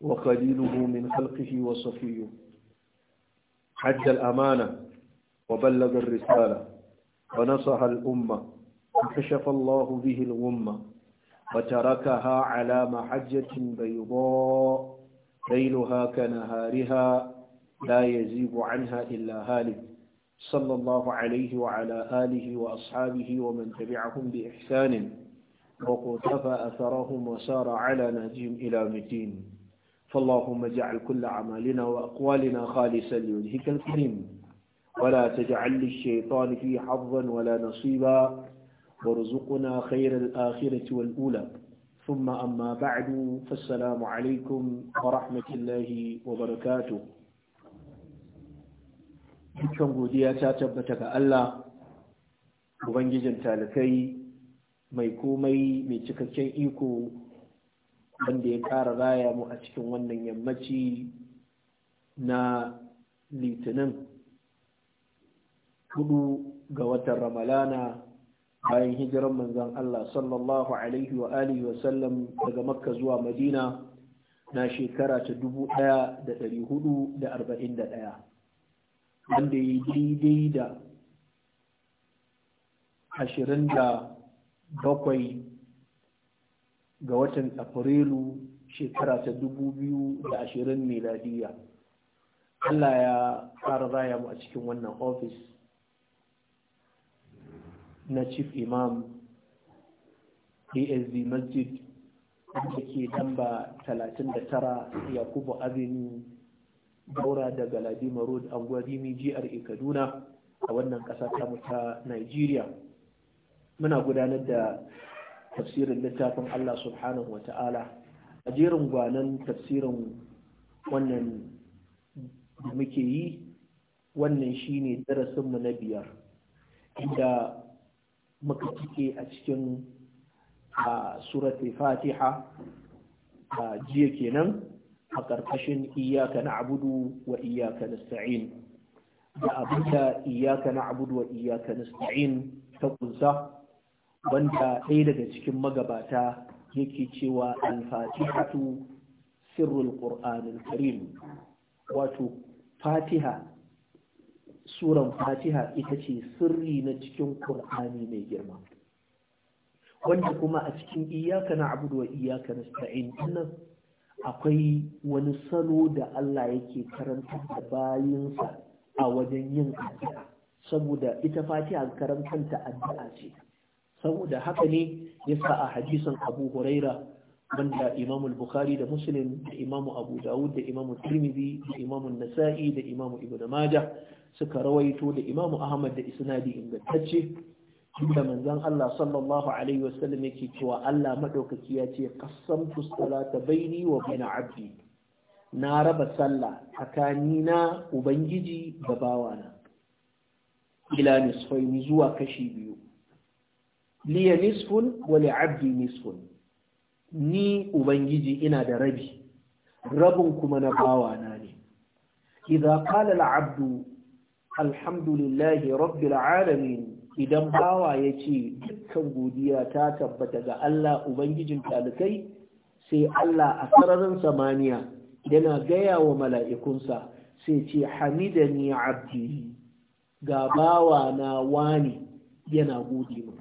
وقليله من خلقه وصفيه حج الأمانة وبلغ الرسالة ونصح الأمة وكشف الله به الغمة وتركها على محجة بيضاء ليلها كنهارها لا يزيب عنها إلا هالك صلى الله عليه وعلى آله وأصحابه ومن تبعهم بإحسان وقتفى أثرهم وسار على نهجهم إلى مدين فاللهم اجعل كل عمالنا وأقوالنا خالصا لوجهك الكريم ولا تجعل للشيطان فيه حظا ولا نصيبا وارزقنا خير الآخرة والأولى ثم أما بعد فالسلام عليكم ورحمة الله وبركاته dukkan godiya ta tabbata ga Allah Ubangijin talakai mai komai mai cikakken iko wanda ya kara raya mu a cikin wannan yammaci na litinin hudu ga watan ramalana bayan hijiran manzan Allah sallallahu alaihi wa alihi wa sallam daga makka zuwa madina na shekara ta dubu ɗaya da ɗari hudu da arba'in da ɗaya wanda ya daidai da ashirin da bakwai ga watan afrilu shekara ta dubu biyu da ashirin miladiya allah ya fara raya mu a cikin wannan ofis na chief imam ASD masjid da ke damba 39 yakubu avenue daura da galadima road angwadimi jihar kaduna a wannan kasa ta ta nigeria muna gudanar da tafsirin littafin Allah subhanahu wa ta'ala a jerin gwanan tafsirin wannan da muke yi wannan shine darasinmu na biyar inda muka cike a cikin a surati fatiha a jiya kenan a ƙarƙashin iyaka na abudu wa iyaka na da abinda iyaka na abudu wa iyaka na sta'in ta kunsa wanda ɗaya daga cikin magabata yake cewa alfatihatu sirrul qur'anul karim wato fatiha suran fatiha ita ce sirri na cikin qur'ani mai girma wanda kuma a cikin iyaka na abudu wa iyaka na akwai wani salo da Allah yake karanta da bayinsa a wajen yin addu'a saboda ita fatiha karantanta addu'a ce saboda haka ne yasa a hadisin Abu Huraira wanda Imam Bukhari da Muslim da Imam Abu Dawud da Imam Tirmidhi da Imam Nasa'i da Imam Ibn Majah suka rawaito da Imam Ahmad da isnadi ingantacce da manzon Allah sallallahu alaihi wasallam yake cewa Allah madaukaki ya ce qassamtu salata baini wa baina abdi na raba sallah tsakanina ubangiji da bawana ila nisfaini zuwa kashi biyu liya nisfun wa li'abdi nisfun ni ubangiji ina da rabi rabin kuma na bawa na ne idza qala al'abdu alhamdulillahi rabbil alamin idan bawa yace dukkan godiya ta tabbata ga Allah ubangijin talikai sai Allah a sararin samaniya yana gaya wa mala'ikunsa sai ce hamidani abdi ga bawa na wani yana gode mu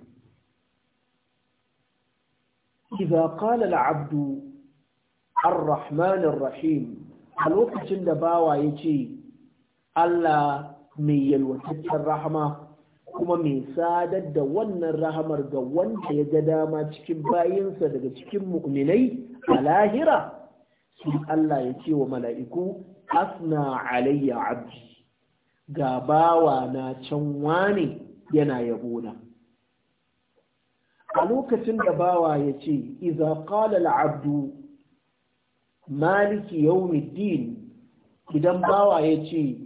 إذا قال العبد الرحمن الرحيم a lokacin da bawa ya ce Allah mai yalwataccen rahama kuma mai sadar da wannan rahamar ga wanda ya ga dama cikin bayinsa daga cikin mu'minai a lahira sai Allah ya ce wa mala'iku asna alayya abdi ga bawa na can wane yana yabona a lokacin da bawa ya ce iza qala al'abdu maliki yawmi idan bawa ya ce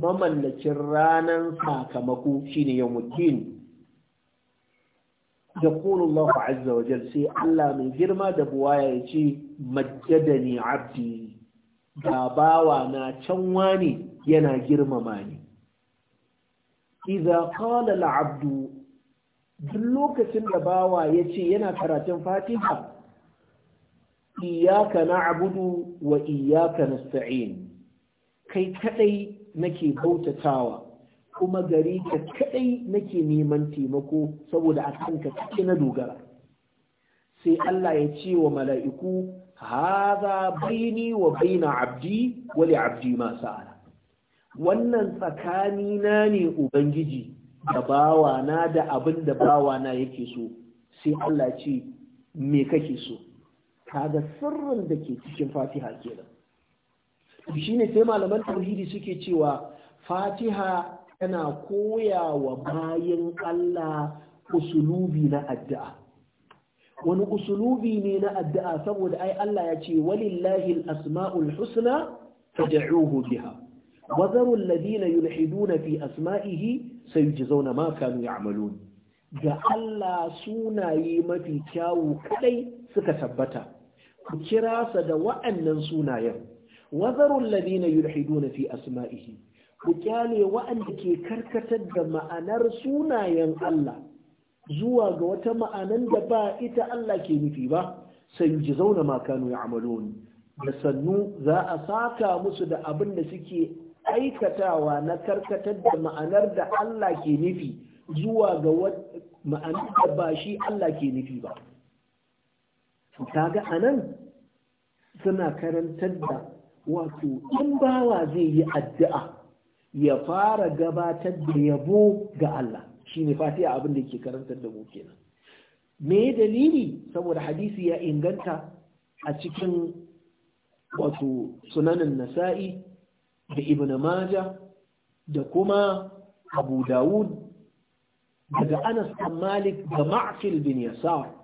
mamallacin ranar sakamako shine ya mukin. da kula Allah azza wa sai Allah mai girma da buwaya ya ce majjadani abdi ga bawa na can wani yana girmama ni iza qala Abdu. duk lokacin da bawa ya ce yana karatun fatiha iyaka na'budu wa iyaka nasta'in kai kadai nake bautatawa kuma gari ka kadai nake neman taimako saboda a kanka kake na dogara sai Allah ya ce wa mala'iku haza baini wa baina abdi wa li abdi ma sa'ala wannan tsakani na ne ubangiji da bawana da abin da bawana yake so sai Allah ce me kake so kaga sirrin da ke cikin fatiha kenan shi ne sai malaman tauhidi suke cewa fatiha tana koya wa bayan Allah usulubi na addu'a wani usulubi ne na addu'a saboda ai Allah ya ce walillahi al-asma'ul husna fad'uhu biha وذروا الذين يلحدون في أسمائه سيجزون ما كانوا يعملون ga Allah sunaye mafi kyawu kadai suka tabbata ku kira sa da wa'annan sunayen wazarul ladina yulhiduna fi asma'ihi ku kyale wa'anda ke karkatar da ma'anar sunayen Allah zuwa ga wata ma'anan da ba ita Allah ke nufi ba sai ji zauna ma kanu ya'malun da sannu za a saka musu da abin da suke aikatawa na karkatar da ma'anar da Allah ke nufi zuwa ga ma'anar da ba shi Allah ke nufi ba Ta ga anan suna karantar da wato in bawa zai yi addu'a ya fara gabatar da yabo ga Allah Shi shine a abin da ke karantar da mu kenan me dalili saboda hadisi ya inganta a cikin wato sunanin nasa'i da ibn Majah da kuma Abu Dawud daga Anas bin Malik da Ma'qil bin Yasar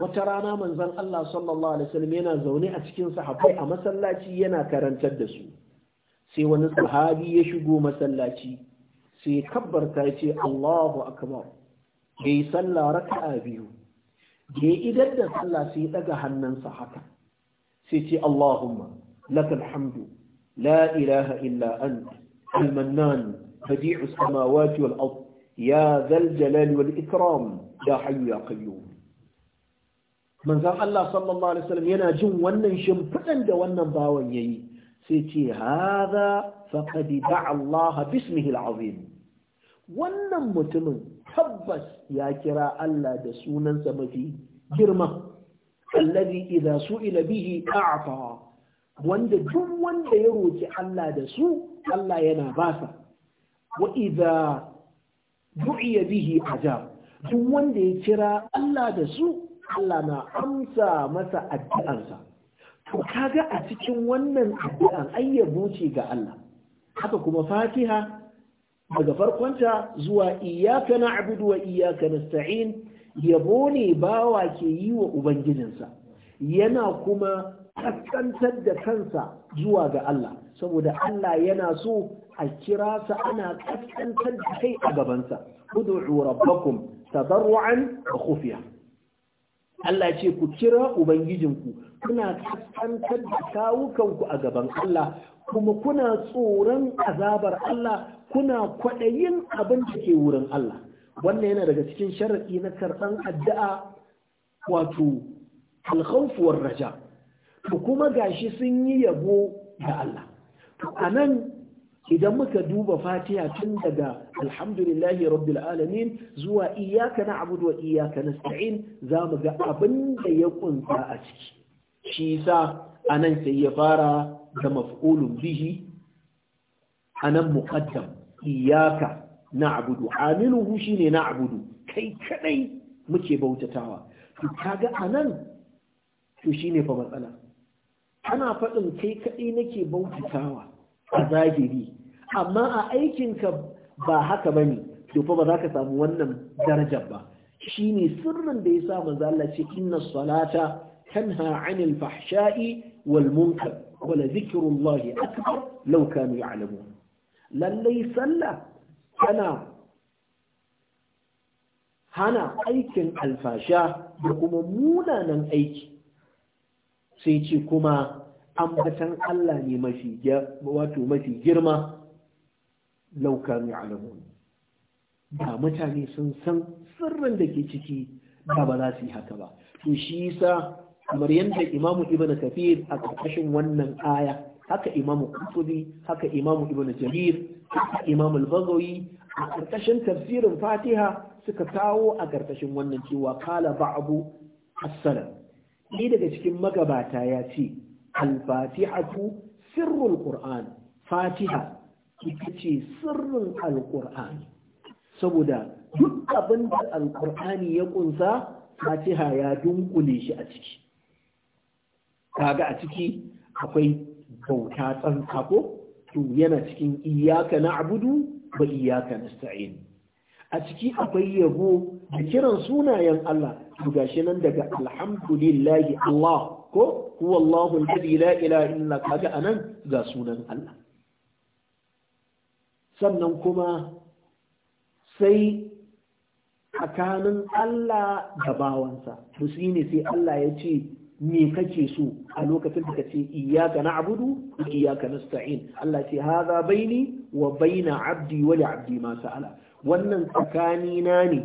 wata rana manzon Allah sallallahu alaihi wasallam yana zaune a cikin sahabbai a masallaci yana karantar da su sai wani sahabi ya shigo masallaci sai kabbarta ya ce Allahu akbar yayi sallah raka'a biyu da idan da sallah sai daga hannunsa haka sai ce Allahumma lakal hamdu لا إله إلا أنت المنان بديع السماوات والأرض يا ذا الجلال والإكرام يا حي يا قيوم من ذا الله صلى الله عليه وسلم ينا جن ونن شمفتن دا ونن باون يي سيتي هذا فقد دعا الله باسمه العظيم ونن متمن تبس يا كرا الله دا سونن سمتي جرمه الذي إذا سئل به أعطى wanda duk wanda ya roki Allah da su Allah yana basa wa idza du'iya bihi ajab duk wanda ya kira Allah da su Allah na amsa masa addu'arsa to kaga a cikin wannan addu'an ayyabo ce ga Allah haka kuma Fatiha daga farkonta zuwa iyyaka na'budu wa iyyaka nasta'in yabo ne bawa ke yi wa ubangijinsa yana kuma kaskantar da kansa zuwa ga Allah saboda Allah yana so a kira sa ana kaskantar da kai a gabansa ud'u rabbakum tadarruan wa khufiya Allah ce ku kira ubangijinku kuna kaskantar da kawukanku a gaban Allah kuma kuna tsoron azabar Allah kuna kwaɗayin abin da ke wurin Allah wannan yana daga cikin sharaɗi na karɓan addu'a wato alkhawfuwar raja to kuma gashi sun yi yabo da Allah to anan idan muka duba fatiha tun daga alhamdulillahi rabbil alamin zuwa iyyaka na'budu wa iyyaka nasta'in mu ga abin da ya kunsa a ciki shi sa anan sai ya fara da maf'ulun bihi anan muqaddam iyyaka na'budu amiluhu shine na'budu kai kadai muke bautatawa to kaga anan to shine fa matsala ana faɗin kai kaɗai nake bautatawa a zahiri amma a aikinka ba haka ba ne to fa ba za ka samu wannan darajar ba shi ne sirrin da ya sa manzo ce inna salata tanha 'anil fahsha'i wal munkar wa la akbar law kanu lallai sallah tana hana aikin alfasha da kuma munanan aiki sai ce kuma ambatan Allah ne mafi wato mafi girma laukanu alamun da mutane sun san sirrin da ke ciki da ba za su yi haka ba to shi yasa kamar yadda imamu ibn kafir a ƙarƙashin wannan aya haka imamu kutubi haka imamu ibn jarir haka imamu al a ƙarƙashin tafsirin fatiha suka kawo a ƙarƙashin wannan cewa kala ba'abu as-salam ni daga cikin magabata ya ce alfatihatu sirrin sirrul qur'an fatiha ita ce sirrin al saboda duk abin da al ya kunsa fatiha ya dunkule shi a ciki kaga a ciki akwai bauta tsanka ko to yana cikin iyaka na abudu ba iyaka nasta'in a ciki akwai yabo da kiran sunayen Allah to gashi nan daga alhamdulillahi Allah ko huwa Allahu alladhi la ilaha illa kaga anan ga sunan Allah sannan kuma sai tsakanin Allah da bawansa to shi ne sai Allah ya ce me kake so a lokacin da kace iyyaka na'budu wa iyyaka nasta'in Allah ce hadha baini wa baina abdi wa li abdi ma sa'ala wannan tsakani na ne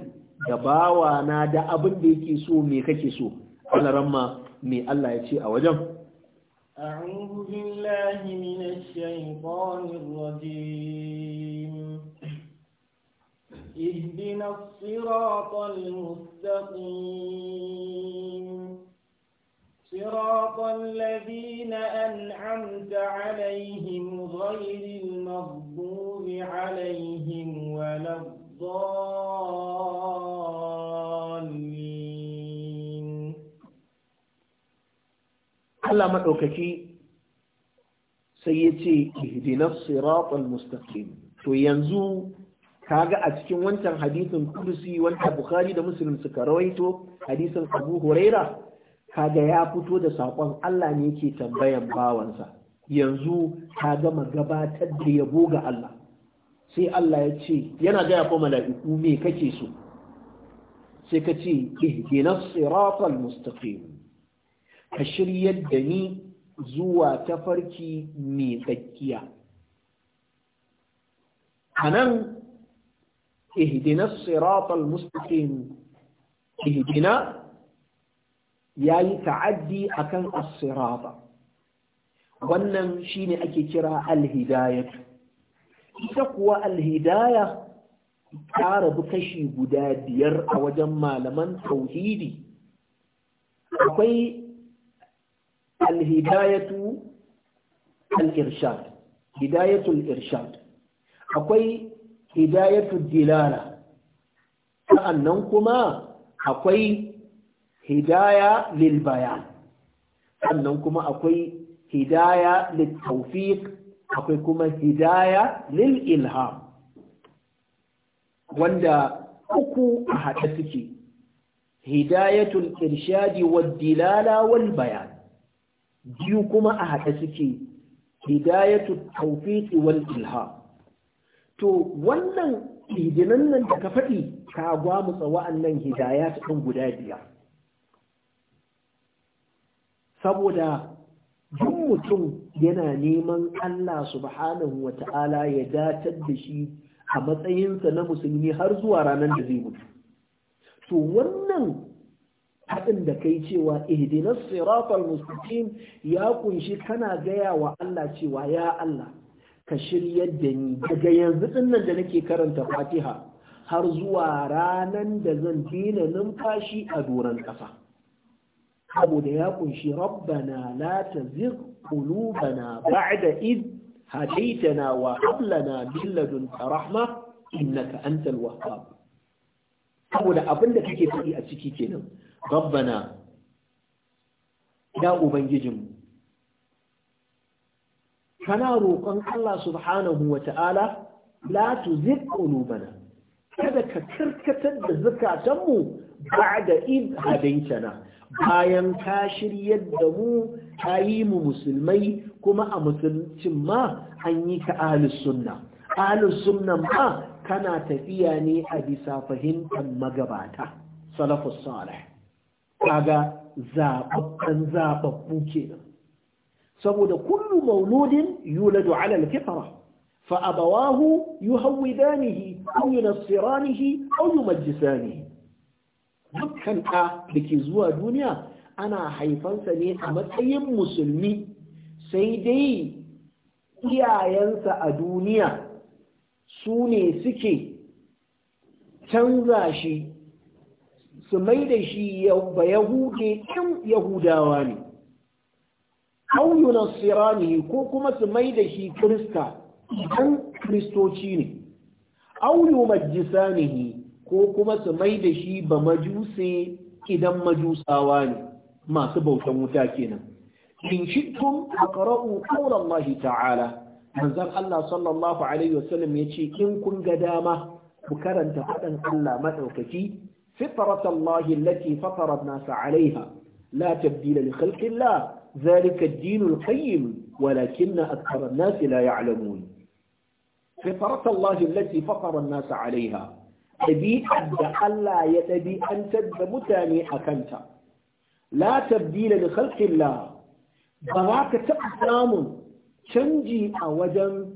da bawa na da abin da yake so me kake so Allah ramma me Allah ya ce a wajen أعوذ بالله من الشيطان الرجيم اهدنا الصراط المستقيم صراط الذين أنعمت عليهم غير المغضوب عليهم ولا الضالين الضالين الله ما أوكي سيتي اهدنا الصراط المستقيم to yanzu ka ga a cikin wancan hadisin Kursi, wanda bukhari da muslim suka rawaito hadisin abu huraira kaga ya fito da saƙon allah ne ke tambayan bawansa yanzu ka gama gabatar da yabo ga allah sai Allah ya ce yana gaya ko mala'iku me kake so sai ka ce ihdinas siratal mustaqim ka shiryar da ni zuwa tafarki mai tsakiya anan ihdinas siratal mustaqim ihdina yayi ta'addi akan as-sirata wannan shine ake kira al-hidayatu ita kuwa alhidaya ta rabu kashi guda biyar a wajen malaman tauhidi akwai alhidayatu al-irshad hidayatul irshad akwai hidayatul dilala sa'annan kuma akwai hidaya lil bayan sannan kuma akwai hidaya lil tawfiq akwai kuma hidaya lil ilham wanda uku a haɗe suke hidayatul irshadi wal dilala wal bayan biyu kuma a haɗe suke hidayatul tawfiq wal ilham to wannan hidinan nan da ka faɗi ka gwamutsa wa'annan hidayat ɗin guda biyar saboda duk mutum yana neman Allah subhanahu wa ta'ala ya datar da shi a matsayinsa na musulmi har zuwa ranar da zai mutu to wannan haɗin da kai cewa ihdinas siratal mustaqim ya kunshi kana gaya wa Allah cewa ya Allah ka shiryar da ni daga yanzu ɗinnan da nake karanta Fatiha har zuwa ranan da zan dina numfashi a doron ƙasa saboda ya kunshi rabbana la tazigh qulubana ba'da id hadaytana wa hab lana min ladunka rahma innaka antal wahhab saboda abin da kake faɗi a ciki kenan rabbana ya ubangijin kana roƙon Allah subhanahu wa ta'ala la tuzigh qulubana kada ka karkatar da zukatanmu ba'da id hadaitana bayan ka shiryar da mu ka yi mu musulmai kuma a musulcin ma an yi ka ahlus sunna ahlus sunna ma kana tafiya ne a bisa fahimtar magabata salafus salih kaga zababban zababbu kenan saboda kullu mauludin yuladu ala al-fitra fa abawahu yuhawidanihi aw yunassiranihi aw yumajjisanihi dukkan ɗa da ke zuwa duniya ana haifansa ne a matsayin musulmi sai dai iyayensa a duniya su ne suke canza shi su mai da shi ba yahude ɗin yahudawa ne Sira ne ko kuma su mai da shi kirista idan kristoci ne auyu ne ko kuma su mai da shi ba majuse idan majusawa ne masu bautan wuta kenan in shittum aqra'u qawla Allah ta'ala manzon Allah sallallahu alaihi wasallam ce in kun ga dama ku karanta fadan Allah madaukaki fitrat Allah lati fatara an-nas 'alayha la tabdila li khalqi Allah dhalika ad-din al-qayyim walakin akthara an-nas la ya'lamun fitrat Allah lati fatara an-nas 'alayha ɗabi'ar da Allah ya ɗabi'antar da mutane a kanta la tabdila da khalqillah ba za ka taɓa samun canji a wajen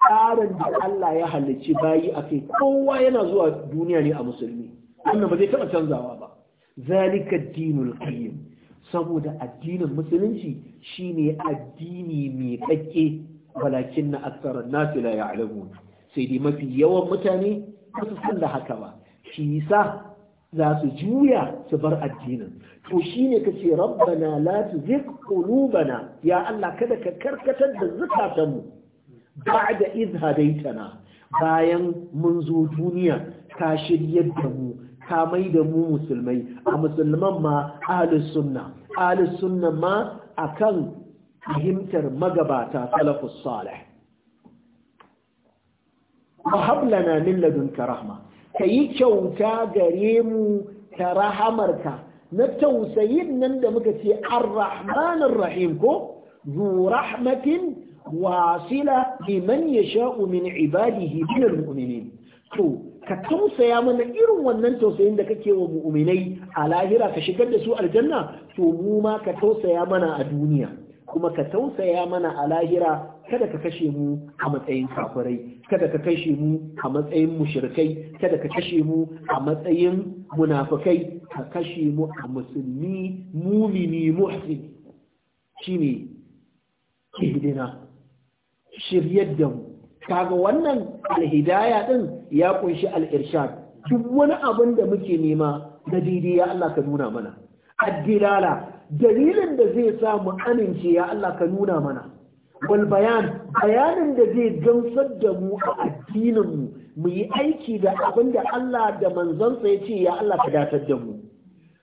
tsarin da Allah ya halicci bayi a kai kowa yana zuwa duniya ne a musulmi wannan ba zai taɓa canzawa ba zalika dinul qayyim saboda addinin musulunci shine addini mai kakke walakin na aksarar nasu la ya'lamun sai dai mafi yawan mutane ba su san da haka ba shi yasa za su juya su bar addinin to shine kace rabbana la tuzigh qulubana ya Allah kada ka karkatar da zukatanmu ba'da idh hadaitana bayan mun zo duniya ka shiryar da mu ka mai da mu musulmai a musulman ma ahlus sunna ahlus sunna ma akan fahimtar magabata salafus salih wa hablana min ka rahma yi kyauta gare mu ta rahamarka na tausayin nan da muka ce ar rahim ko zu rahmatin wasila liman yasha'u min ibadihi min al-mu'minin to ka tausaya mana irin wannan tausayin da kake wa mu'minai a lahira ka shigar da su aljanna to mu ma ka tausaya mana a duniya kuma ka tausaya mana a lahira kada ka kashe mu a matsayin kafirai kada ka kashe mu a matsayin mushrikai kada ka kashe mu a matsayin munafikai ka kashe mu a musulmi mumini muhsini shine ihdina shiryar da mu kaga wannan alhidaya din ya kunshi al-irshad duk wani abin da muke nema na daidai ya Allah ka nuna mana addilala dalilin da zai sa mu amince ya Allah ka nuna mana wal bayan bayanin da zai gamsar da mu a addinin mu mu yi aiki da abin da Allah da manzansa ya ce ya Allah ka datar da mu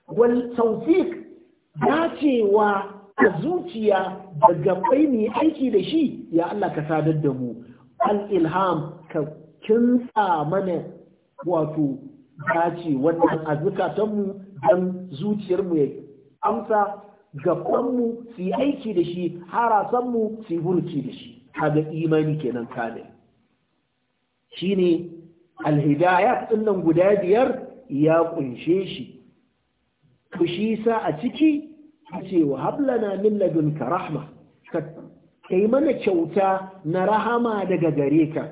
wal tawfiq dacewa a zuciya da gabai mu yi aiki da shi ya Allah ka sadar da mu al ilham ka kinsa mana wato dace wannan a don dan zuciyarmu ya amsa gabanmu su yi aiki da shi harasanmu su yi hurci da shi kaga imani kenan kamil shine ne Alhidaya nan guda biyar ya kunshe shi ku shi sa a ciki ce wa hablana min ladunka rahma kai mana kyauta na rahama daga gare ka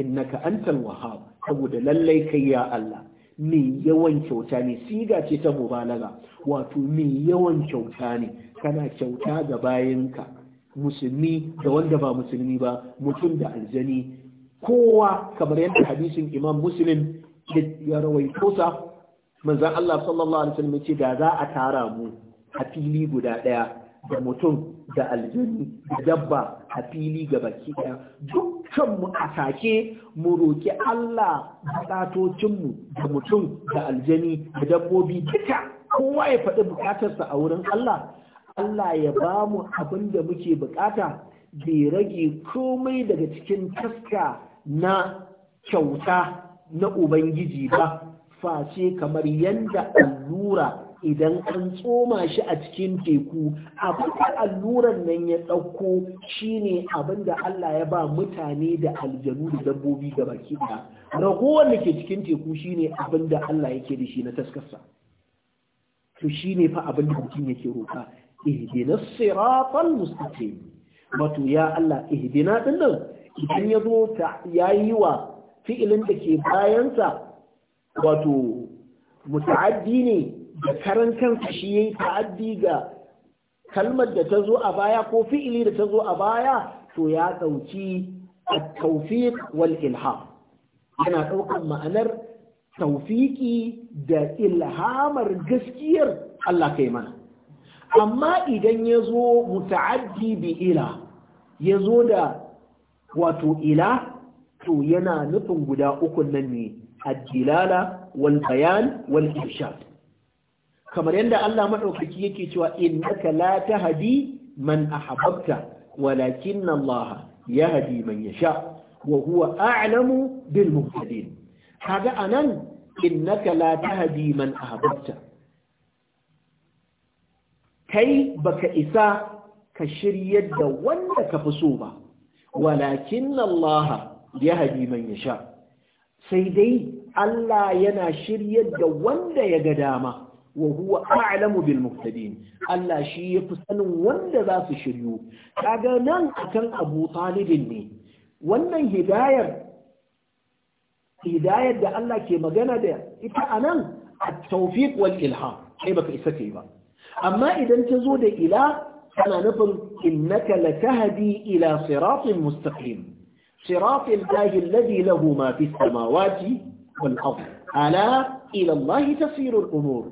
innaka antal wahhab saboda lallai kai ya Allah mai yawan kyauta ne siga ce ta mubalaga wato mai yawan kyauta ne kana kyauta ga bayanka musulmi da wanda ba musulmi ba mutum da aljani kowa kamar yadda hadisin imam muslim ya rawaito sa manzon Allah sallallahu alaihi wasallam ce da za a tara mu a fili guda ɗaya. da mutum da aljani da dabba a fili ga baki ɗaya dukkan mu a sake mu roƙi Allah bukatocinmu da mutum da aljani da dabbobi duka kowa ya faɗi bukatarsa a wurin Allah Allah ya ba mu abin da muke buƙata bai rage komai daga cikin taska na kyauta na Ubangiji ba face kamar yadda allura idan an tsoma shi a cikin teku abin da allurar nan ya ɗauko shine abin da Allah ya ba mutane da aljanu da dabbobi da baki da ragowar da ke cikin teku shine abin da Allah yake da shi na taskarsa to shine fa abin da mutum yake roƙa ihdina siratal mustaqim wato ya Allah ihdina din nan idan ya zo ta yayi wa fi'ilin da ke bayansa wato muta'addi ne da karan kansa shi yayi ta'addi ga kalmar da ta zo a baya ko fi'ili da ta zo a baya to ya ɗauki a taufiq wal ilham yana ɗaukar ma'anar tawfiki da ilhamar gaskiyar Allah kai mana amma idan ya zo muta'addi bi ila ya zo da wato ila to yana nufin guda ukun nan ne addilala wal bayan wal irshad kamar yadda Allah maɗaukaki yake cewa innaka la tahdi man ahbabta walakin Allah yahdi man yasha wa huwa a'lamu bil muhtadin kaga anan innaka la tahdi man ahbabta kai baka isa ka shiryar da wanda ka fi so ba walakin Allah yahdi man yasha sai dai Allah yana shiryar da wanda ya ga dama wa huwa a'lamu bil muhtadin Allah shi yafi sanin wanda za su shiryu kaga nan akan Abu Talib ne wannan hidayar hidayar da Allah ke magana da ita anan at-tawfiq wal ilham kai baka isa kai ba amma idan ta zo da ila tana nufin innaka latahdi ila siratin mustaqim صراط الله الذي له ما في السماوات والأرض ألا إلى الله تسير الأمور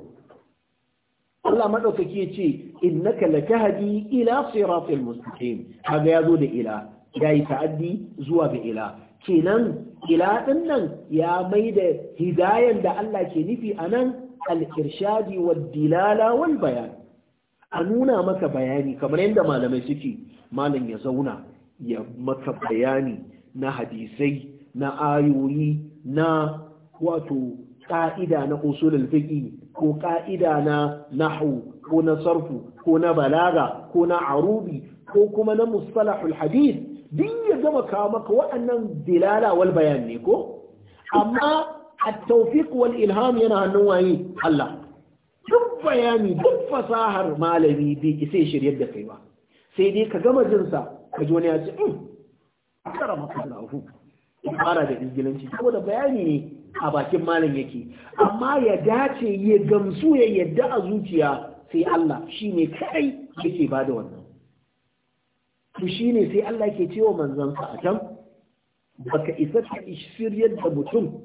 Allah maɗaukaki ya ce innaka latahdi ila siratil mustaqim kaga yazo da ila yayi ta'addi zuwa ga ila kenan ila ɗin nan ya maida hidayan da Allah ke nufi anan al-irshadi wad dilala wal bayan a nuna maka bayani kamar yadda malamai suke malam ya zauna ya maka bayani na hadisai na ayoyi na wato ƙa'ida na usulul fiqh ko ƙa'ida na nahu ko na sarfu ko na balaga ko na arubi ko kuma na mustalahul hadis duk ya gama kawo maka waɗannan dilala wal bayan ne ko amma a tawfiq wal ilham yana hannun waye Allah duk bayani duk fasahar malami bai isa shiryar da kai ba sai dai ka gama jin sa ka ji wani ya ce in hmm, karama kana hu fara da ingilanci saboda bayani ne a bakin malam yake amma ya dace ya gamsu ya yadda a zuciya sai Allah shi ne kai yake ba da wannan to shi ne sai Allah ke cewa manzansa a can baka isa ka shiryar da mutum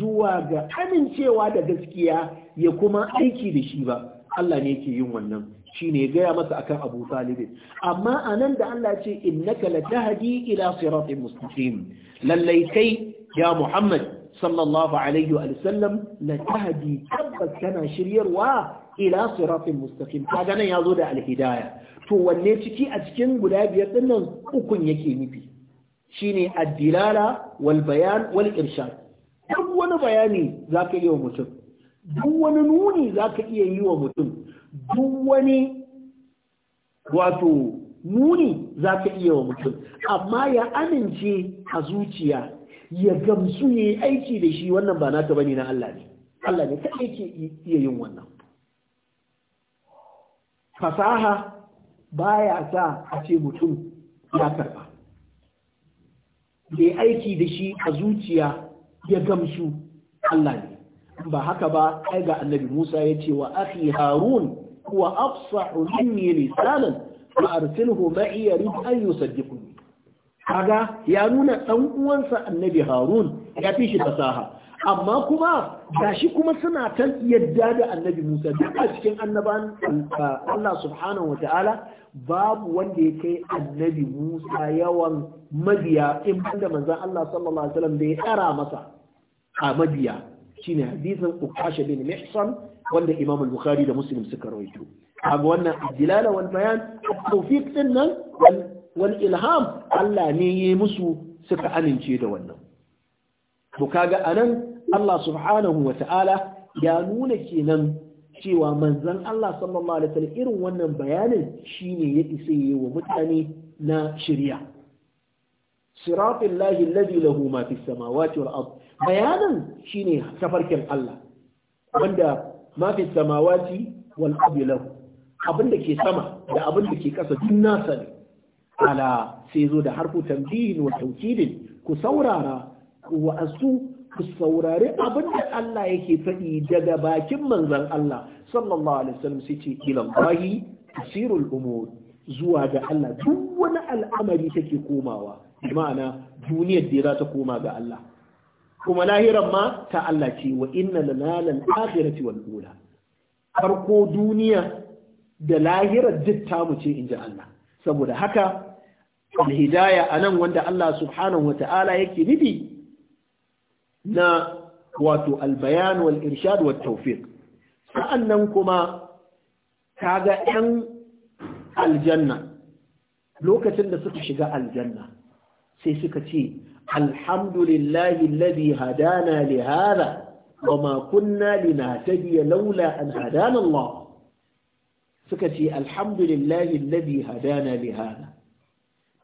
zuwa ga amincewa da gaskiya ya kuma aiki da shi ba Allah ne yake yin wannan shi ne gaya masa akan Abu Talib amma a nan da Allah ce innaka latahdi ila siratin mustaqim lallai kai ya Muhammad sallallahu alaihi wa sallam la tahdi tabbas kana shiryarwa ila siratin mustaqim kaga nan yazo da alhidaya to wanne ciki a cikin guda biyar din nan ukun yake nufi shine ad-dilala wal bayan wal irshad duk wani bayani zaka yi wa mutum duk wani nuni zaka iya yi wa mutum duk wani wato nuni zaka iya wa mutum amma ya amince a zuciya ya gamsu ya yi aiki da shi wannan ba naka bane na Allah ne Allah ne kai ke iya yin wannan fasaha baya sa a ce mutum ya karɓa. ya aiki da shi a zuciya ya gamsu Allah ne ba haka ba ai ga annabi Musa ya ce wa akhi Harun huwa afsahu minni lisanan fa arsilhu ma'i yurid an yusaddiquni kaga ya nuna ɗan uwansa annabi harun ya fi shi fasaha amma kuma shi kuma suna ta yadda da annabi musa duk a cikin annaban allah subhanahu wa ta'ala babu wanda ya kai annabi musa yawan mabiya in banda manzan allah sallallahu alaihi wasallam da ya tsara masa a mabiya shine hadisin ukasha bin mihsan wanda imam al-bukhari da muslim suka rawaito kaga wannan dilala wal bayan tawfiq din nan Wani ilham Allah ne ya musu suka amince da wannan to kaga anan Allah subhanahu ta'ala ya nuna kenan cewa manzon Allah sallallahu alaihi wasallam irin wannan bayanin shine ya isa yi wa mutane na shirya. siratul lahi alladhi lahu sama fis wal ard bayanan shine tafarkin Allah wanda mafi fis samawati wal ard lahu abinda ke sama da abinda ke kasa duk nasa ne ala sai zo da harfu tambihin wa taukidin ku saurara wa asu ku saurari abin da Allah yake faɗi daga bakin manzon Allah sallallahu alaihi wasallam sai ce ila Allahi tasirul umur zuwa ga Allah duk wani al'amari take komawa ma'ana duniyar da za ta koma ga Allah kuma lahiran ma ta Allah ce wa inna lana akhirati wal ula farko duniya da lahirar duk tamu ce inji Allah saboda haka al a nan wanda Allah subhanahu wa ta'ala yake nufi na wato albayan wal irshad wat tawfiq sa'annan kuma kaga 'yan aljanna lokacin da suka shiga aljanna sai suka ce alhamdulillahi alladhi hadana li hadha wama kunna linahtadiya laula an hadana Allah suka ce alhamdulillahi alladhi hadana li hadha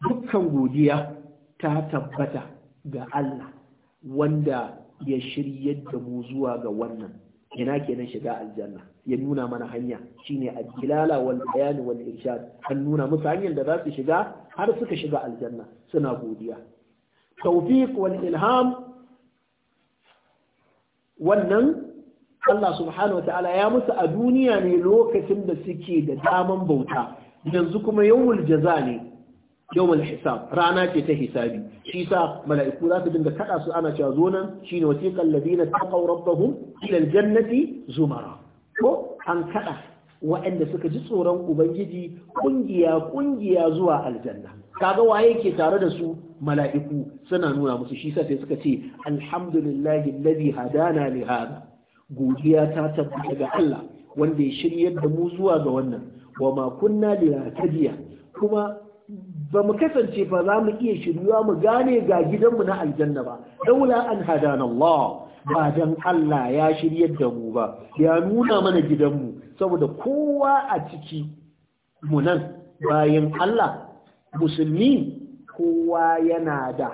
dukkan godiya ta tabbata ga Allah wanda ya shiryar da mu zuwa ga wannan ina kenan shiga aljanna ya nuna mana hanya shine al-dilala wal bayan wal irshad an nuna musu hanyar da za su shiga har suka shiga aljanna suna godiya tawfiq wal ilham wannan Allah subhanahu wataala ya musu a duniya ne lokacin da suke da daman bauta yanzu kuma yawul jaza ne yawmal hisab rana ce ta hisabi shi sa mala'iku za su dinga kada su ana cewa zo nan shine wasiqal ladina taqaw rabbahum ila aljannati zumara ko an kada waɗanda suka ji tsoron ubangiji ƙungiya ƙungiya zuwa aljanna kaga waye ke tare da su mala'iku suna nuna musu shi sa sai suka ce alhamdulillahi ladi hadana li hada godiya ta tabbata ga Allah wanda ya shiryar da mu zuwa ga wannan wa ma kunna linahtadiya kuma ba mu kasance ba za mu iya shiryuwa mu gane ga gidanmu na aljanna ba daula an hadana Allah ba dan Allah ya shiryar da mu ba ya nuna mana gidanmu saboda kowa a ciki mu nan bayan Allah musulmi kowa yana da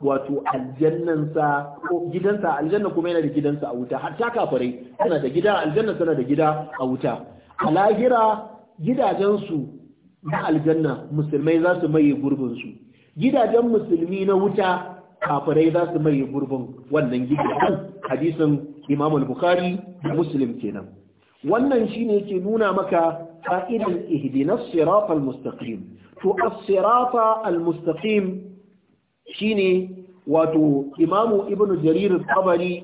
wato aljannansa ko gidansa aljanna kuma yana da gidansa a wuta har ta kafirai tana da gida aljanna tana da gida a wuta a lahira gidajensu na aljanna musulmai za su maye gurbinsu gidajen musulmi na wuta kafirai za su maye gurbin wannan gidajen hadisin imam al-bukhari da muslim kenan wannan shine yake nuna maka fa'idan ihdinas al mustaqim to as-sirata al-mustaqim shine wato imamu ibnu jarir al-tabari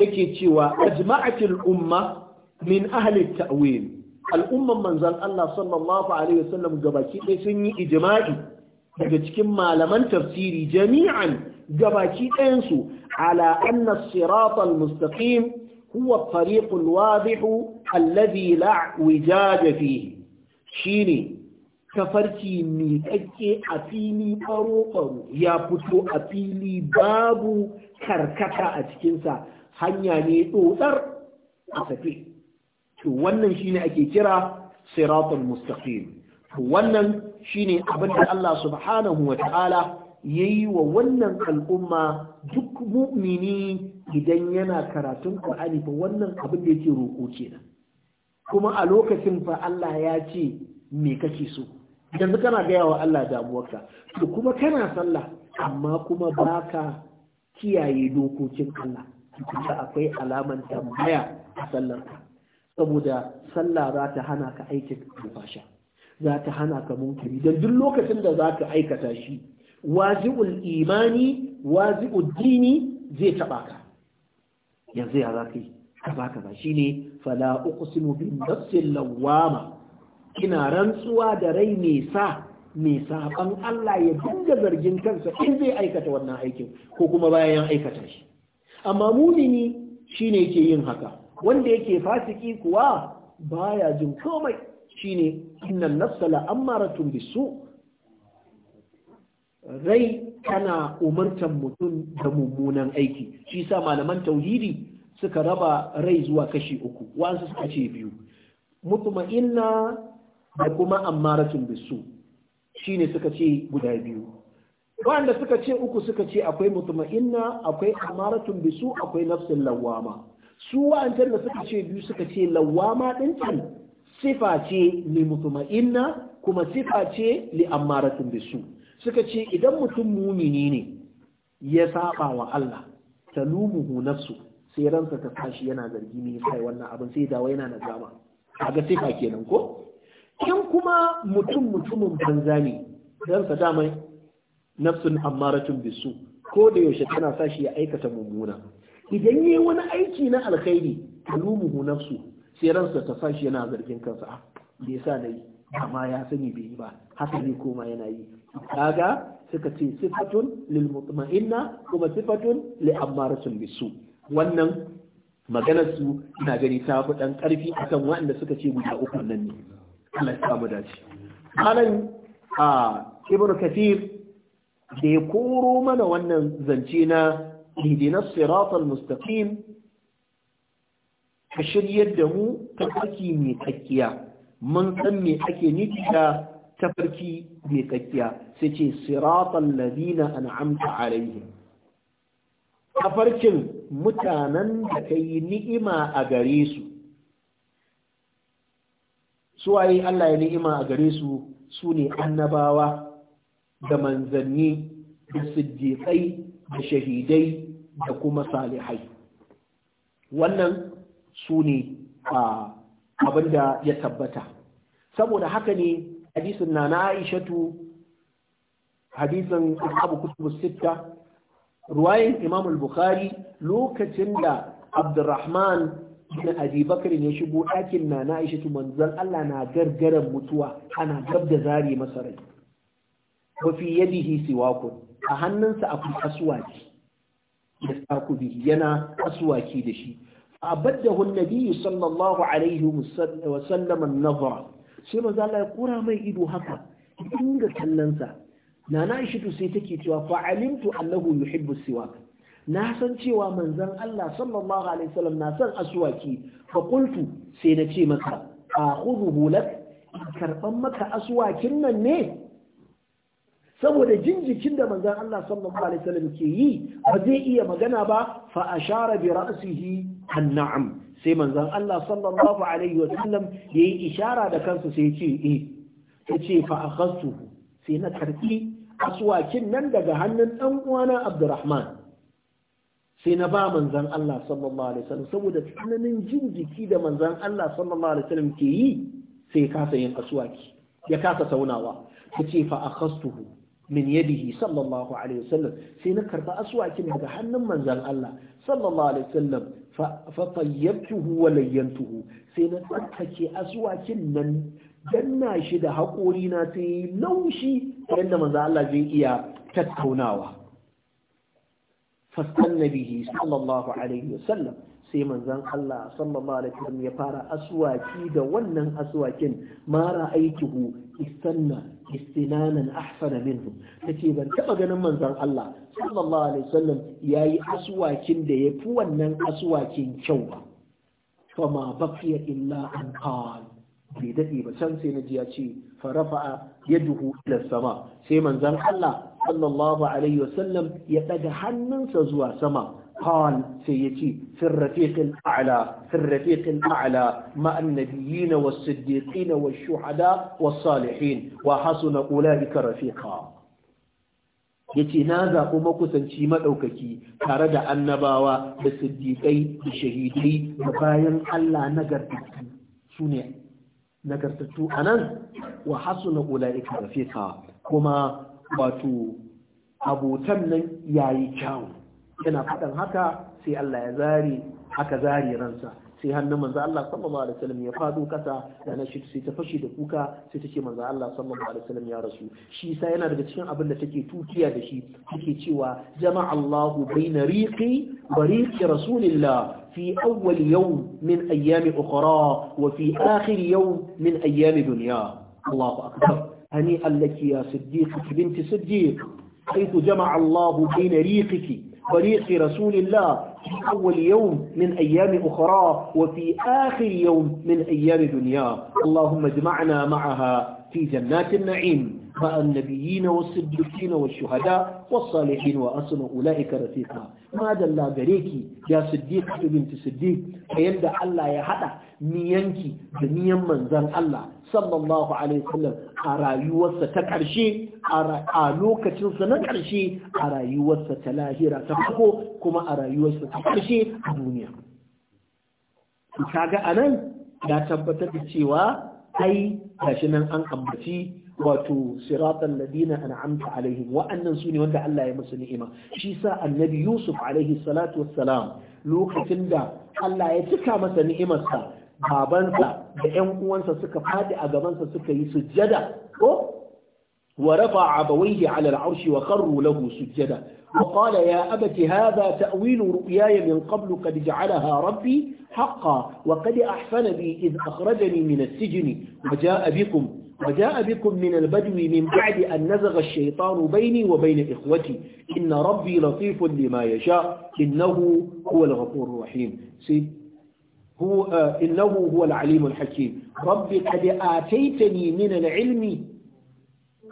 yake cewa ajma'atil umma min ahli at-ta'wil al'umman manzan Allah sallallahu alaihi wasallam gabaki ɗaya sun yi ijma'i daga cikin malaman tafsiri jami'an gabaki ɗayansu ala anna sirat al-mustaqim huwa at-tariq al-wadih alladhi la wijaj fihi shine tafarki ne kake a fili faro faro ya fito a fili babu karkata a cikinsa hanya ne tsotsar a tafi to wannan shine ake kira siratul mustaqim to wannan shine abin da Allah subhanahu wa ta'ala yayi wa wannan al'umma duk mu'mini idan yana karatun Qur'ani fa wannan abin da yake roƙo kenan kuma a lokacin fa Allah ya ce me kake so yanzu kana gaya wa Allah damuwarka to kuma kana sallah amma kuma baka kiyaye dokokin Allah kuma akwai alaman tambaya a sallarka saboda sallah za ta hana ka aikin fasha, za ta hana ka munkari don duk lokacin da za ka aikata shi wazi'ul imani wazi'ul dini zai taɓa ka yanzu ya za ka yi ka ba ka ba shi ne fala uqsimu bin nafsin lawama kina rantsuwa da rai me sa mai saban Allah ya dinga zargin kansa in zai aikata wannan aikin ko kuma bayan aikata shi amma mumini shine yake yin haka wanda yake fasiki kuwa baya jin komai shine innan nafsa la'ammaratun bisu rai tana umartan mutum da mummunan aiki shi sa malaman tauhidi suka raba rai zuwa kashi uku wasu suka ce biyu inna da kuma ammaratun bisu shine suka ce guda biyu wanda suka ce uku suka ce akwai inna akwai ammaratun bisu akwai nafsin lawama su wa'antar da suka ce biyu suka ce lawama ɗin can sifa ce li mutuma'inna kuma sifa ce li ammaratun bisu suka ce idan mutum mumini ne ya saba wa Allah talumuhu nafsu sai ransa ta tashi yana zargi ne sai wannan abin sai dawo yana nadama kaga sifa kenan ko in kuma mutum mutumin banza ne ransa dama nafsun ammaratun bisu ko da yaushe tana sashi ya aikata mummuna idan yi wani aiki na alkhairi alumuhu nafsu sai ransa ta fashi yana zargin kansa da ah, yasa na yi amma ya sani bai yi ba haka ne koma yana yi kaga suka ce sifatun lil mutma'inna kuma sifatun li ammaratun bisu wannan maganar su ina gani ta fi dan karfi akan waɗanda suka ce guda uku nan ne Allah ya samu dace alan a ah, ibnu kathir da ya koro mana wannan zance na اهدنا الصراط ka kashir da mu ta farki mai tsakiya mun san me ake niki ta farki mai tsakiya sai ce siratan ladina an amta a farkin mutanen da ka yi ni'ima a gare su suwaye allah ya ni'ima a gare su su ne annabawa da manzanni da siddiƙai da shahidai da kuma salihai wannan su ne abin da ya tabbata saboda haka ne hadisin na na aishatu hadisin abu kutubu sitta ruwayin imam al-bukhari lokacin da abdurrahman bin abi bakar ya shigo ɗakin na na aishatu manzon allah na gargaran mutuwa ana gab da zare masa rai wa fi yadihi siwakun a hannunsa akwai ce yastaku bihi yana aswaki da shi abaddahu an-nabi sallallahu alaihi wa sallam an-nazara sai manzo Allah ya kura mai ido haka dinga kallon sa nana aishatu sai take cewa fa alimtu annahu yuhibbu siwak na san cewa manzon Allah sallallahu alaihi wasallam na san aswaki fa qultu sai na ce maka akhudhu lak karban maka aswakin nan ne saboda jin jikin da manzan Allah sallallahu alaihi wasallam ke yi ba zai iya magana ba fa ashara bi ra'sihi an-na'am sai manzan Allah sallallahu alaihi wasallam yayi ishara da kansu sai ya ce eh yace fa akhadtuhu sai na karki aswakin nan daga hannun dan uwana Abdurrahman sai na ba manzan Allah sallallahu alaihi wasallam saboda tsananin jin jiki da manzan Allah sallallahu alaihi wasallam ke yi sai ya kasa yin aswaki ya kasa saunawa ta ce fa a akhastuhu min yadihi sallallahu alaihi wasallam sai na karba aswakin daga hannun manzon Allah sallallahu alaihi wasallam fa tayyabtuhu wa layyantuhu sai na tsarkake aswakin nan danna shi da haƙori na sai laushi yadda manzon Allah zai iya tattaunawa fastanna bihi sallallahu alaihi wasallam sai manzon Allah sallallahu alaihi wasallam ya fara aswaki da wannan aswakin mara aikihu istanna istinanan ahsana minhu tace ban taba ganin manzon Allah sallallahu alaihi wasallam yayi aswakin da yafi wannan aswakin kyau ba fama baqiya illa an qal bai dade ba can sai naji ya ce farafa yaduhu ila sama sai manzan Allah sallallahu alaihi wasallam ya daga hannunsa zuwa sama قال سيتي في الرفيق الأعلى في الرفيق الأعلى مع النبيين والصديقين والشهداء والصالحين وحسن أولئك رفيقا yace na zaɓi makusanci maɗaukaki tare da annabawa da siddiƙai da shahidai da bayan Allah nagartattu su ne nagartattu a nan wa hasuna ula'ika rafiqa kuma wato abotan nan yayi kyawu yana faɗan haka sai Allah ya zari aka zari ransa sai hannun manzo Allah sallallahu alaihi wasallam ya fado kasa da na shi sai ta fashi da kuka sai take manzo Allah sallallahu alaihi wasallam ya rasu shi sai yana daga cikin abin da take tukiya da shi take cewa jama'a Allahu baina riqi wa riqi rasulillah fi awwal yawm min ayyam ukhra wa fi akhir yawm min ayyam dunya Allahu akbar hani allaki ya siddiq binti siddiq حيث جمع الله بين ريقك طريق رسول الله في أول يوم من أيام أخرى وفي آخر يوم من أيام دنيا اللهم اجمعنا معها في جنات النعيم مع النبيين والصديقين والشهداء والصالحين وأصل أولئك رفيقا ما دل غريكي يا صديقة بنت صديق فيندى الله يحدى ميانكي دميان من زن الله صلى الله عليه وسلم أرايوة ستكرشي ألوكة سنكرشي أرايوة ستلاهرة تفقو كما أرايوة ستكرشي الدنيا kaga anan ya tabbatar da cewa ai gashi nan an ambaci wato siratan ladina an'amta alaihim wa'annan sune wanda Allah ya musu ni'ima shi sa annabi Yusuf alaihi salatu wassalam lokacin da Allah ya cika masa ni'imarsa babansa da ƴan uwansa suka fadi a gabansa suka yi sujjada ko wa rafa abawaihi 'ala al wa kharru lahu sujjada wa qala ya abati hadha يا ru'yaya min تأويل qad ja'alaha rabbi haqqan wa qad ahsana bi أحسن akhrajani min as-sijni wa ja'a bikum وجاء بكم من البدو من بعد أن نزغ الشيطان بيني وبين إخوتي إن ربي لطيف لما يشاء إنه هو الغفور الرحيم هو آه، إنه هو العليم الحكيم ربي قد آتيتني من العلم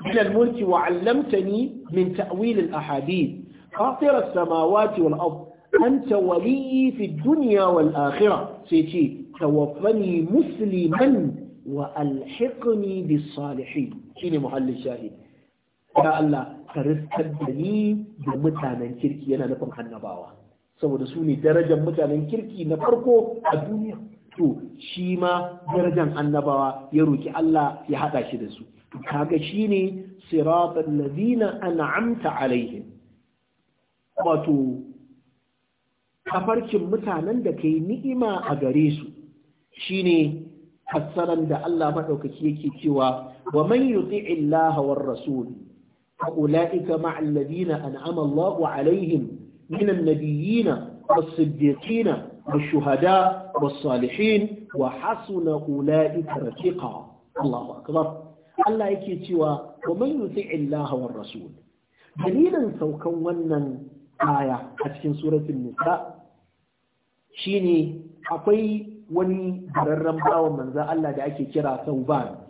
من الملك وعلمتني من تأويل الأحاديث خاطر السماوات والأرض أنت ولي في الدنيا والآخرة سيتي توفني مسلما wa alhiqni bis Shi shine muhallin shahid ya Allah ka riskar da ni da mutanen kirki yana nufin annabawa saboda su ne darajar mutanen kirki na farko a duniya to shi ma darajar annabawa ya roƙi Allah ya haɗa shi da su kaga shine siratal ladina an'amta alaihim wato kafarkin mutanen da kai ni'ima a gare su shine fassaran da Allah maɗaukaki yake cewa wa man yuti illaha war rasul fa ulaika ma alladhina an'ama Allahu alaihim min an-nabiyyin was-siddiqin wash-shuhada was-salihin wa hasuna ulaika rafiqa Allahu akbar Allah yake cewa wa man yuti illaha war rasul dalilan saukan wannan aya a cikin suratul nisa shine akwai wani bararren bawan manza Allah da ake kira Sauban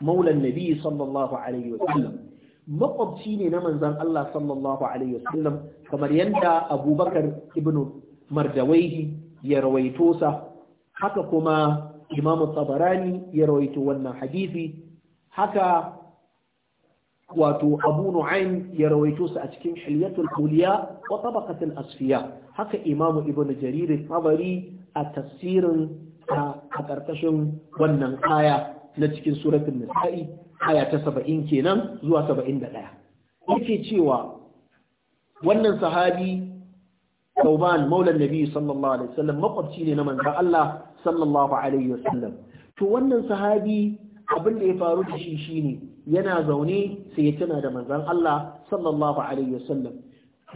maulan nabi sallallahu alaihi sallam. makwabci ne na manzan Allah sallallahu alaihi sallam. kamar yadda abubakar ibn mardawaihi ya rawaito sa haka kuma Imam'u tabarani ya rawaito wannan hadisi haka wato abu nu'aym ya rawaito sa a cikin hilyatul kuliya wa tabaqatul asfiya haka Imam'u ibn jarir tabari a tafsirin a ƙarƙashin wannan aya na cikin suratun nisa'i aya ta saba'in kenan zuwa saba'in da ɗaya yake cewa wannan sahabi sauban maulan nabi sallallahu alaihi wasallam makwabci ne na manzan Allah sallallahu alaihi wasallam to wannan sahabi abin da ya faru da shi shine yana zaune sai ya tana da manzon Allah sallallahu alaihi wasallam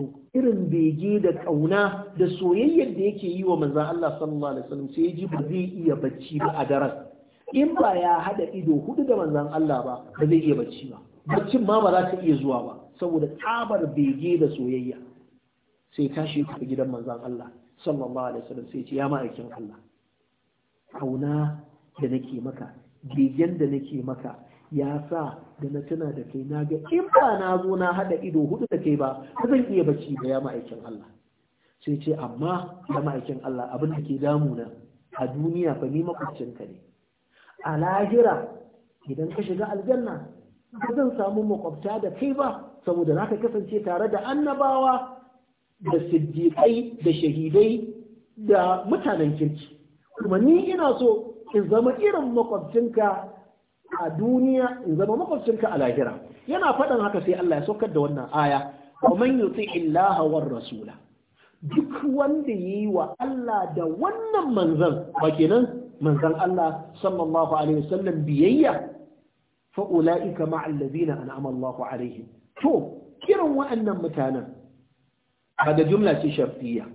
to irin bege da kauna da soyayyar da yake yi wa manzan Allah sallallahu alaihi wasallam sai ba zai iya bacci ba a daren in ba ya hada ido hudu da manzan Allah ba ba zai iya bacci ba baccin ma ba za ta iya zuwa ba saboda tsabar bege da soyayya sai tashi ya gidan manzan Allah sallallahu alaihi wasallam sai ce ya ma'aikin Allah kauna da nake maka begen da nake maka ya sa da na tuna da kai na ga in ba na zo na haɗa ido hudu da kai ba zan iya bacci da ya ma'aikin Allah sai ce amma ya ma'aikin Allah abin da ke damuna a duniya fa ni makwabcinka ne a lahira idan ka shiga aljanna ba zan samu makwabta da kai ba saboda za ka kasance tare da annabawa da siddiƙai da shahidai da mutanen kirki kuma ni ina so in zama irin makwabcinka a duniya in zama makwabcinka a lahira yana faɗin haka sai Allah ya saukar da wannan aya wa man yuti illaha war rasula duk wanda yi wa Allah da wannan manzan ba kenan manzan Allah sallallahu alaihi wasallam biyayya fa ulaika ma'al ladina an'ama Allahu alaihim to kiran wa'annan mutanen kaga jumla ce shartiyya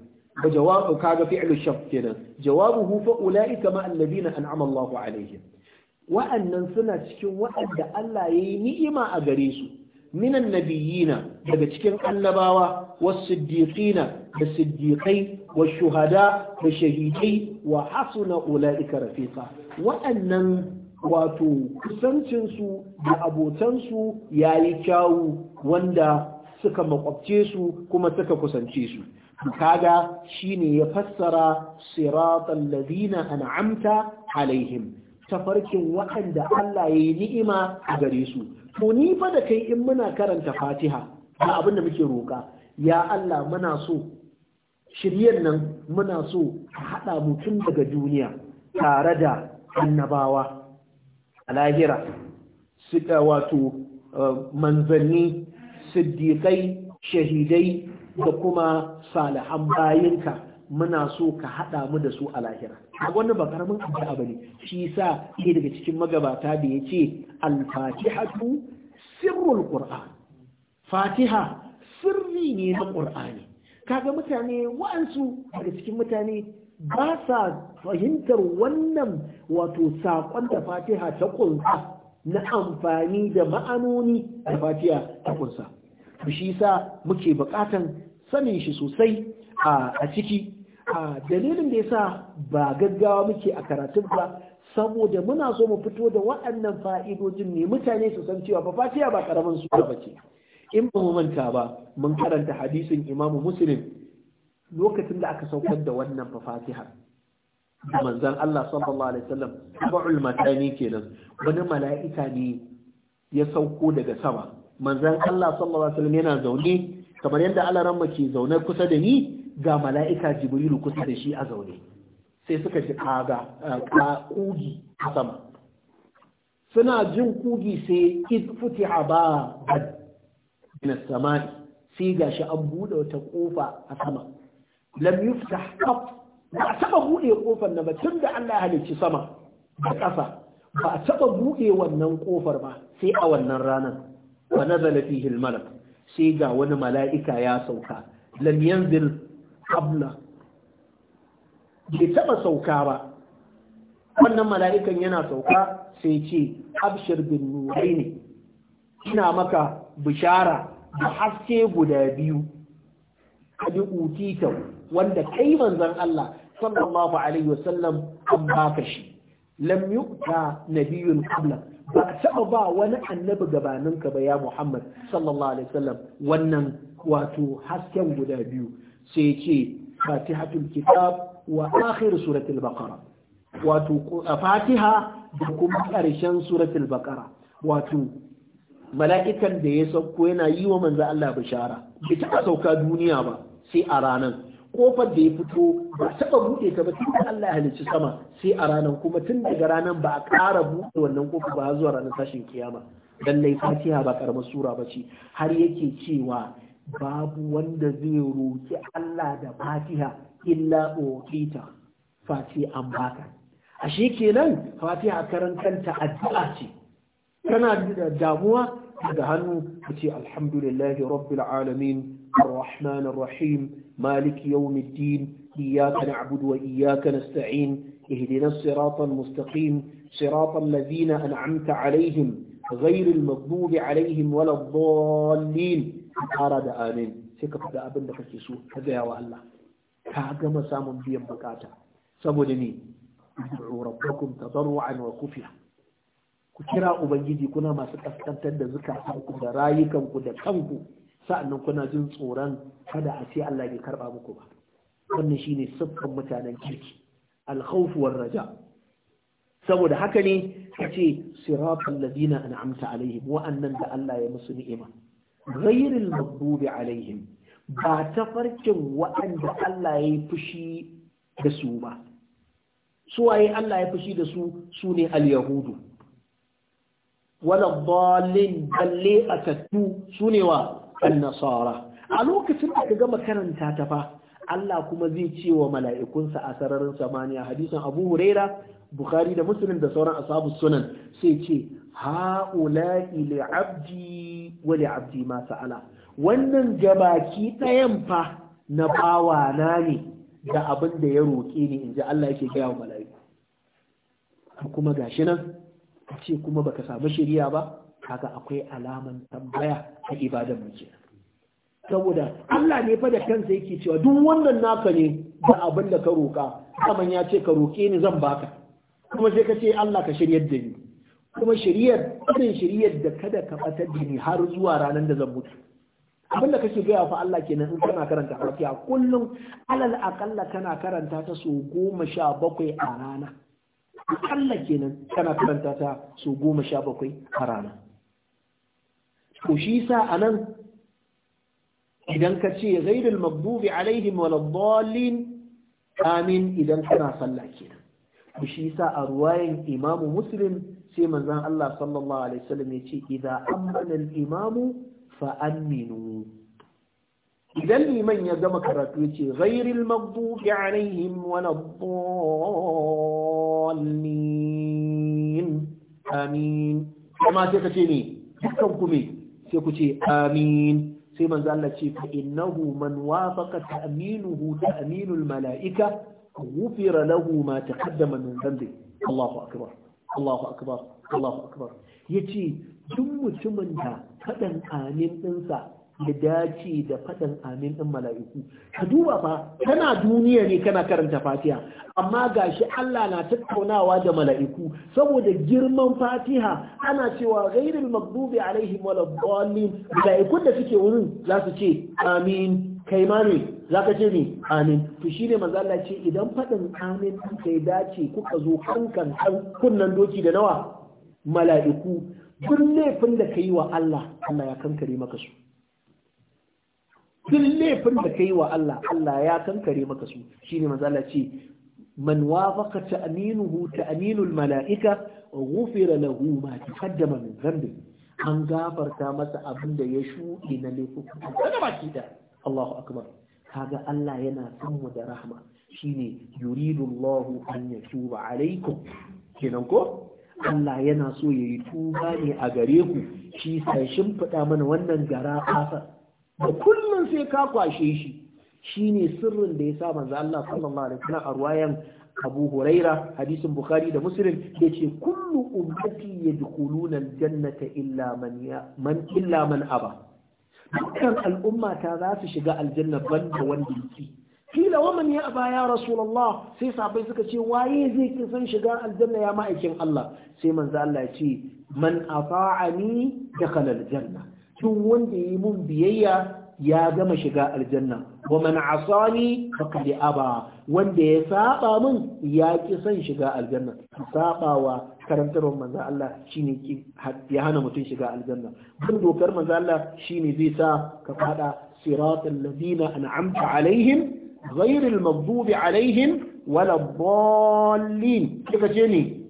wa jawabu kaga fi'lu shart kenan jawabuhu fa ulaika ma'al ladina an'ama Allahu alaihim wa'annan suna cikin wa'anda Allah ya yi ni'ima a gare su minan nabiyina daga cikin annabawa was-siddiqina da siddiqai wa shuhada da shahidai wa hasuna ulaika rafiqa wa'annan wato kusancinsu da abotansu yayi kyawu wanda suka makwabce su kuma suka kusance su kaga shine ya fassara siratal ladina an'amta alaihim tafarkin waɗanda Allah ya yi ni'ima a gare su to ni fa da kai in muna karanta fatiha na abin da muke roƙa ya Allah muna so shiryen nan muna so a haɗa mutum daga duniya tare da annabawa a lahira eh, wato eh, manzanni siddiƙai shahidai da kuma salihan bayinka muna so ka haɗa mu da su a lahira wani ba karamin da bane shi sa ke daga cikin magabata da ya ce al-fatihatu sirrul ƙura fatiha sirri ne na Ka ga mutane wa'ansu daga cikin mutane ba sa fahimtar wannan wato saƙon da fatiha ta kunsa na amfani da ma'anoni da fatiha ta kunsa shi sa muke buƙatan sanin shi sosai a ciki dalilin da sa ba gaggawa muke a karatun ba saboda muna so mu fito da waɗannan fa'idojin ne mutane su san cewa ba ba karamin sura ba ce in ba mu manta ba mun karanta hadisin imamu muslim lokacin da aka saukar da wannan fatiha da manzon Allah sallallahu alaihi wasallam ba'ul ne kenan wani mala'ika ne ya sauko daga sama manzon Allah sallallahu alaihi wasallam yana zaune kamar yadda alaran ke zaune kusa da ni ga mala'ika jibrilu kusa da shi a zaune sai suka ji kugi a sama suna jin kugi sai id a ba min samai sai gashi an buɗe wata ƙofa a sama lam yuftah qat ba taba bude kofar na ba da Allah ya halicci sama da ƙasa ba a taɓa bude wannan ƙofar ba sai a wannan ranar ba na fihi al sai ga wani mala'ika ya sauka lam yanzil qabla bai taba sauka ba wannan mala'ikan yana sauka sai ce abshir bin nurai ne ina maka bishara da haske guda biyu kadi utita wanda kai manzon Allah sallallahu alaihi wasallam an baka shi lam yu'ta nabiyyun qabla ba taba ba wani annabi gabaninka ba ya Muhammad sallallahu alaihi wasallam wannan wato hasken guda biyu sai ce fatihatul kitab wa akhir suratul baqara wato fatiha da kuma ƙarshen suratul baqara wato mala'ikan da ya sauko yana yi wa manzo Allah bishara bai taba sauka duniya ba sai a ranan kofar da ya fito ba taba buɗe ta ba tun da Allah ya halicci sama sai a ranan kuma tun daga ranar ba a ƙara buɗe wannan kofar ba zuwa ranar tashin kiyama dan lai fatiha ba karamar sura ba ce har yake cewa babu wanda zai roƙi Allah da fatiha illa ƙoƙita fati an baka. A shi ke nan fatiha karan kanta addu’a ce, tana da damuwa daga hannu ta ce Alhamdulillahi Rabbil Alamin, Ar-Rahman Ar-Rahim, Malik Yawon Iddin, Iyaka na Abudu wa Iyaka na Sta’in, Ihdinan Siratan Mustaqim, Siratan Lazina an’amta alaihim, ghairul Magdubi alaihim wala dhallin ka fara da amin sai ka faɗi abin da kake so ka gaya wa Allah ka gama samun biyan bukata saboda ne ud'u rabbakum tadarruan wa khufiya ku kira ubangiji kuna masu kaskantar da zukatanku da rayukanku da kanku sa'annan kuna jin tsoron kada a ce Allah bai karba muku ba wannan shine siffan mutanen kirki al-khawf raja saboda haka ne kace siratal ladina an'amta alaihim wa'annan da Allah ya musu ni'ima ghairil maghdubi alaihim ba ta farkin waɗanda Allah ya yi fushi da su ba suwaye Allah ya fushi da su su ne al-yahudu wala dhalin balle atattu su ne wa an-nasara a lokacin da ka gama karanta ta fa Allah kuma zai ce wa mala'ikunsa a sararin samaniya hadisin Abu Huraira Bukhari da Muslim da sauran ashabu sunan sai ce ha'ula'i li'abdi wa Abdi ma sa'ala wannan gabaki ɗayan fa na na ne da abin da ya roƙe ni inji Allah yake gaya wa mala'iku kuma gashi nan ce kuma baka samu shirya ba kaga akwai alaman tambaya a ibadan mu saboda Allah ne fa da kansa yake cewa duk wannan naka ne da abin da ka roƙa kaman ya ce ka roƙe ni zan baka kuma sai ka ce Allah ka shiryar da ni kuma shiriyar irin shiriyar da kada ka batar jini har zuwa ranar da zan mutu abin da kake gaya fa Allah kenan in kana karanta fatiha kullum alal akalla kana karanta ta so goma sha bakwai a rana Allah kenan kana karanta ta so goma sha bakwai a rana to shi sa anan idan ka ce ghairul maghdubi alaihim waladdallin amin idan kana sallah kenan to shi sa a ruwayan imamu muslim sai manzon Allah sallallahu alaihi wasallam ya ce idza amana imamu fa aminu idan liman ya gama karatu ya ce ghairil maghdubi alaihim wala dallin amin kuma sai ka ce ne dukkan ku sai ku ce amin sai manzo Allah ce fa innahu man wafaqa ta'minuhu ta'minul mala'ika ghufira lahu ma taqaddama min Allahu akbar Allah akbar Allah akbar yace duk mutumin da faɗan amin ɗinsa ya dace da faɗan amin ɗin mala'iku ka duba ba kana duniya ne kana karanta fatiha amma gashi Allah na tattaunawa da mala'iku saboda girman fatiha ana cewa ghairil maghdubi alaihim waladdallin mala'ikun da suke wurin za su ce amin kai ma ne za ka ce ni amin to shi ne mazala ce idan faɗin amin ka yi dace kuka zo hankan kunnan doki da nawa mala'iku duk laifin da ka yi wa Allah Allah ya kankare maka su duk laifin da ka yi wa Allah Allah ya kankare maka su shi ne mazala ce man hu ta'minuhu ta'minul mala'ika ghufira lahu ma taqaddama min dhanbi an gafarta masa abin da ya shuɗe na laifuka daga baki da Allahu akbar kaga Allah yana son mu da rahma shine yuridullahu an yatuba alaikum kenan ko Allah yana so ya yi tuba ne a gare ku shi sai shin fada mana wannan gara kasa da kullun sai ka kwashe shi shine sirrin da yasa manzo Allah sallallahu alaihi wasallam a ruwayan Abu Huraira hadisin Bukhari da Muslim yace kullu ummati yadkhuluna aljannata illa man man illa man aba dukkan al'umma ta za su shiga aljanna banda wanda yake kila wa man ya aba ya rasulullah sai sabai suka ce waye zai ki san shiga aljanna ya ma'aikin Allah sai manzo Allah ya ce man ata'ani dakhala aljanna duk wanda yi mun biyayya ya gama shiga aljanna wa man asani faqad aba wanda ya saba min ya ki son shiga aljanna wa karantarwar manzo Allah shine ki ya hana mutum shiga aljanna bin dokar manzo Allah shine zai sa ka fada siratal ladina an'amta alaihim ghairil maghdubi alaihim wala dallin kika ce ni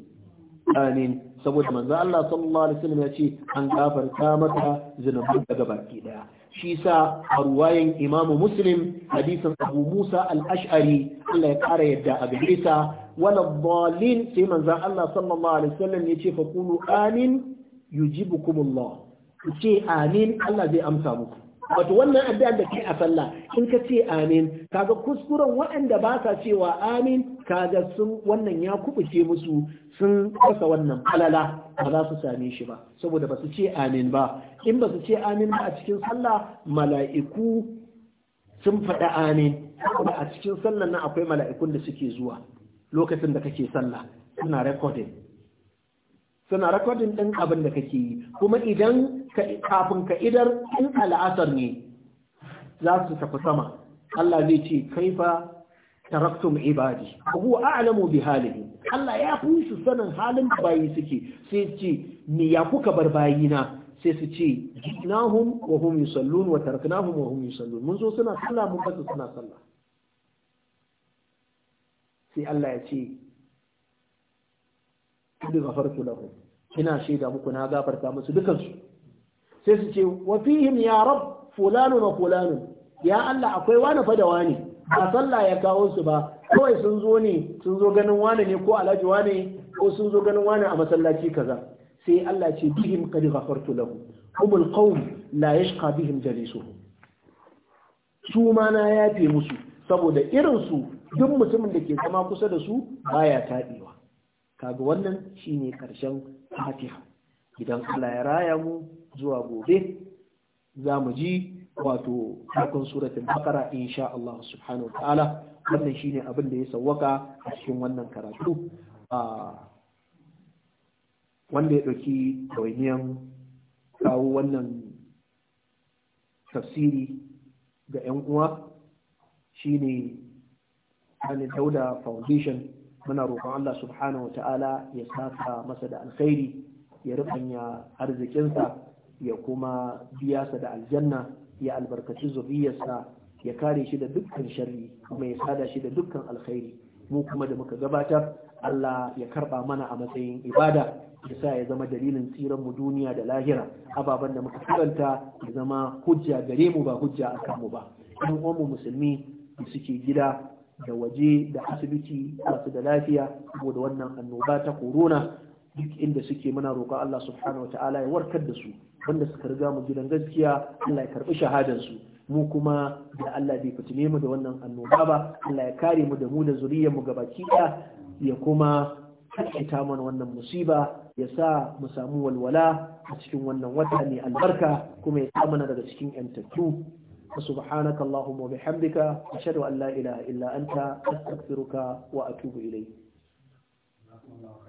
amin saboda manzo Allah sallallahu alaihi wasallam ya ce an gafarta maka zinubin daga baki daya shi sa a ruwayan imamu muslim hadisin abu musa al-ash'ari Allah ya kara yadda a gare sa wala dalin sai manzon Allah sallallahu alaihi wasallam ya ce fa qulu amin yujibukumullah ku ce amin Allah zai amsa muku wato wannan addu'a da ke a sallah in ka ce amin kaga kuskuren waɗanda ba sa cewa amin kaga sun wannan ya kubuce musu sun kasa wannan falala ba za su same shi ba saboda ba su ce amin ba in ba su ce amin ba a cikin sallah mala'iku sun faɗa amin kuma a cikin sallah na akwai mala'ikun da suke zuwa lokacin da kake sallah suna recording suna recording din abin da kake yi kuma idan kafin ka idar in al'asar ne za su tafi sama Allah zai ce fa. taraktum ibadi hu a'lamu bi halihi Allah ya fi su sanin halin bayi suke sai ce ni ya kuka bar bayina sai su ce jinahum wa hum yusallun wa taraknahum wa hum yusallun mun zo suna sallah mun basu suna sallah sai Allah ya ce kudu gafartu lahum ina shaida muku na gafarta musu dukan su. sai su ce wa fihim ya rab fulanu wa fulanu ya Allah akwai wani fa da wani ba sallah ya kawo su ba kawai sun zo ne sun zo ganin wane ne ko alhaji wane ko sun zo ganin wane a masallaci kaza sai Allah ce bihim qad ghafartu lahu humul qawm la yashqa bihim jalisuhu su ma na yafe musu saboda irin su duk mutumin da ke zama kusa da su baya taɗewa kaga wannan shine karshen Fatiha idan Allah ya raya mu zuwa gobe za mu ji wato farkon suratul baqara insha Allah subhanahu ta'ala wannan shine abin da ya sawwaka a cikin wannan karatu wanda ya ɗauki dawainiyan kawo wannan tafsiri ga 'yan uwa shine Ali Dauda Foundation muna roƙon Allah subhanahu ta'ala ya saka masa da alkhairi ya rufanya arzikinsa ya kuma biya sa da aljanna ya albarkaci zuriyarsa ya kare shi da dukkan sharri mai ya sada shi da dukkan alkhairi mu kuma da muka gabatar Allah ya karba mana a matsayin ibada ya sa ya zama dalilin tsiran mu duniya da lahira ababen da muka karanta ya zama hujja gare mu ba hujja a kanmu ba In mu musulmi da suke gida da waje da asibiti masu da lafiya saboda wannan annoba ta corona duk inda suke muna roƙon Allah subhanahu ta'ala ya warkar da su wanda suka riga mu gidan gaskiya Allah ya karɓi shahadar su mu kuma da Allah bai fitine mu da wannan annoba ba Allah ya kare mu da mu da zuriyar mu gabaki ɗaya ya kuma kaita mana wannan musiba ya sa mu samu walwala a cikin wannan wata ne albarka kuma ya sa mana daga cikin yantattu سبحانك اللهم وبحمدك أشهد أن لا إله إلا أنت أستغفرك وأتوب إليك